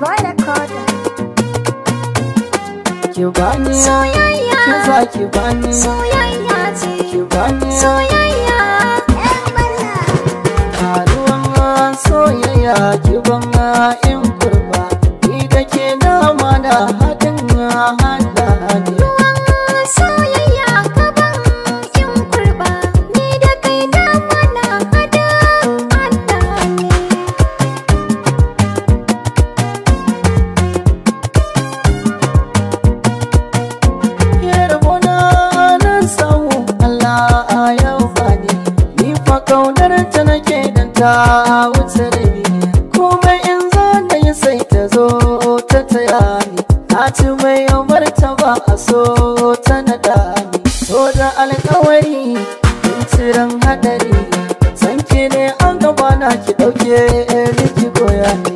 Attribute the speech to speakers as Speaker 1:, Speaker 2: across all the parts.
Speaker 1: bani soyayya ki bani soyayya ki bani soyayya ki kaunar ta nake dan ta wuce da komai in za da yi sai ta zo ta taya ni na ci mai yawar ta ba a so ta naɗa ni so da alkawari in ciran hadari sanke ne an gaba na ki ɗauke ni ki goya ni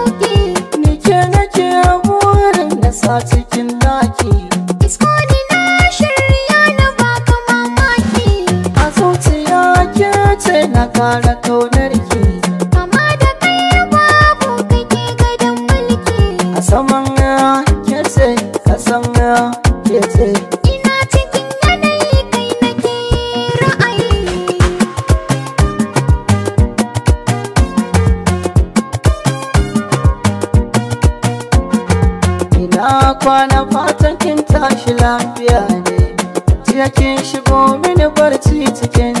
Speaker 1: fara kaunar ke. kama da kai babu kake gadon mulki a saman ke ce a saman ke ce ina cikin yanayi kai nake ra'ayi ina kwana fatan kin tashi lafiya ne jiya kin shigo mini barci cikin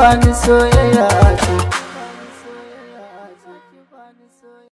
Speaker 1: bani soyayya a